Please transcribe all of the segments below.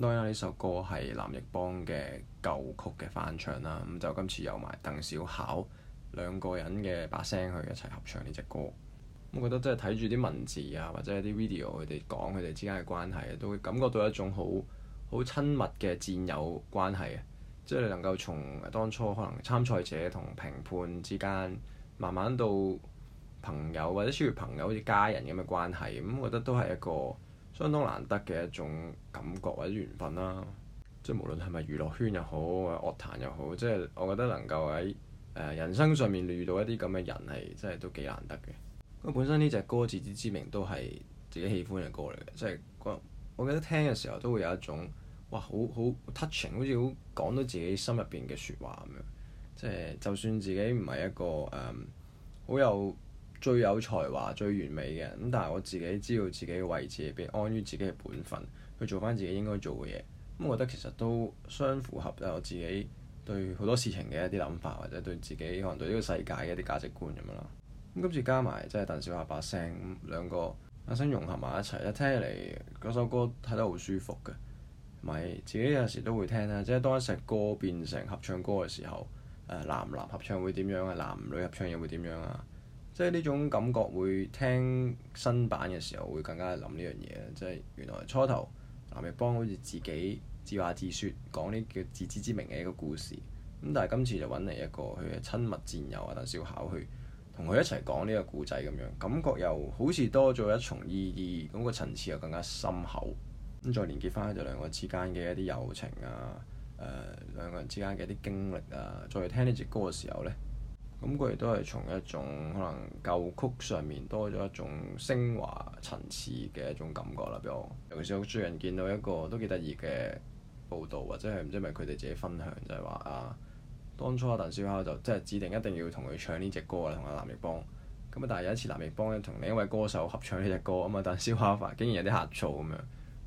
當然，呢首歌係藍奕邦嘅舊曲嘅翻唱啦，咁就今次由埋鄧小巧兩個人嘅把聲去一齊合唱呢隻歌，咁覺得真係睇住啲文字啊，或者啲 video 佢哋講佢哋之間嘅關係，都會感覺到一種好好親密嘅戰友關係啊！即係你能夠從當初可能參賽者同評判之間，慢慢到朋友或者超越朋友，好似家人咁嘅關係，咁我覺得都係一個，相當難得嘅一種感覺或者緣分啦，即係無論係咪娛樂圈又好，樂壇又好，即係我覺得能夠喺誒人生上面遇到一啲咁嘅人係真係都幾難得嘅。咁本身呢隻歌自知之明都係自己喜歡嘅歌嚟嘅，即係我我記得聽嘅時候都會有一種哇好好 touching，好似好講到自己心入邊嘅説話咁樣。即係就算自己唔係一個誒好、嗯、有。最有才華、最完美嘅咁，但係我自己知道自己嘅位置，並安於自己嘅本分，去做翻自己應該做嘅嘢。咁、嗯、我覺得其實都相符合，我自己對好多事情嘅一啲諗法，或者對自己可能對呢個世界嘅一啲價值觀咁樣啦。咁、嗯、今次加埋即係鄧小巧、把聲兩個阿聲融合埋一齊，一聽起嚟嗰首歌睇得好舒服嘅，咪自己有時都會聽啦。即係當一隻歌變成合唱歌嘅時候，誒、呃、男男合唱會點樣啊？男女合唱又會點樣啊？即係呢種感覺，會聽新版嘅時候會更加諗呢樣嘢。即係原來初頭藍奕邦好似自己自話自説講呢叫自知之明嘅一個故事。咁但係今次就揾嚟一個佢嘅親密戰友啊，鄧小巧去同佢一齊講呢個故仔咁樣，感覺又好似多咗一重意義，咁、個層次又更加深厚。咁再連結翻就兩個之間嘅一啲友情啊，誒、呃、兩個人之間嘅一啲經歷啊，再聽呢隻歌嘅時候呢。咁佢哋都係從一種可能舊曲上面多咗一種升華層次嘅一種感覺啦，俾我。尤其是我最近見到一個都幾得意嘅報道，或者係唔知係咪佢哋自己分享，就係、是、話啊，當初阿、啊、鄧小巧就即係指定一定要同佢唱呢隻歌啦，同阿藍奕邦。咁啊，但係有一次藍奕邦咧同另一位歌手合唱呢隻歌咁啊嘛，鄧、嗯、小巧反而竟然有啲呷醋咁樣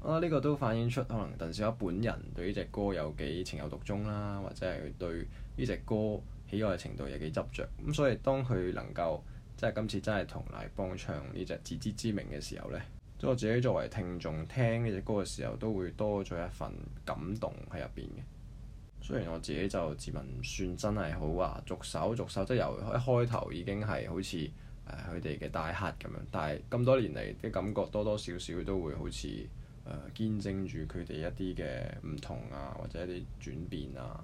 啊，呢、這個都反映出可能鄧小巧本人對呢隻歌有幾情有獨鍾啦，或者係對呢隻歌。呢個程度又幾執着，咁所以當佢能夠即係今次真係同藍邦唱呢隻自知之明嘅時候呢，即係我自己作為聽眾聽呢隻歌嘅時候，都會多咗一份感動喺入邊嘅。雖然我自己就自問算真係好啊，逐首逐首，即係由一開頭已經係好似誒佢哋嘅大客咁樣，但係咁多年嚟嘅感覺多多少少都會好似誒、呃、見證住佢哋一啲嘅唔同啊，或者一啲轉變啊。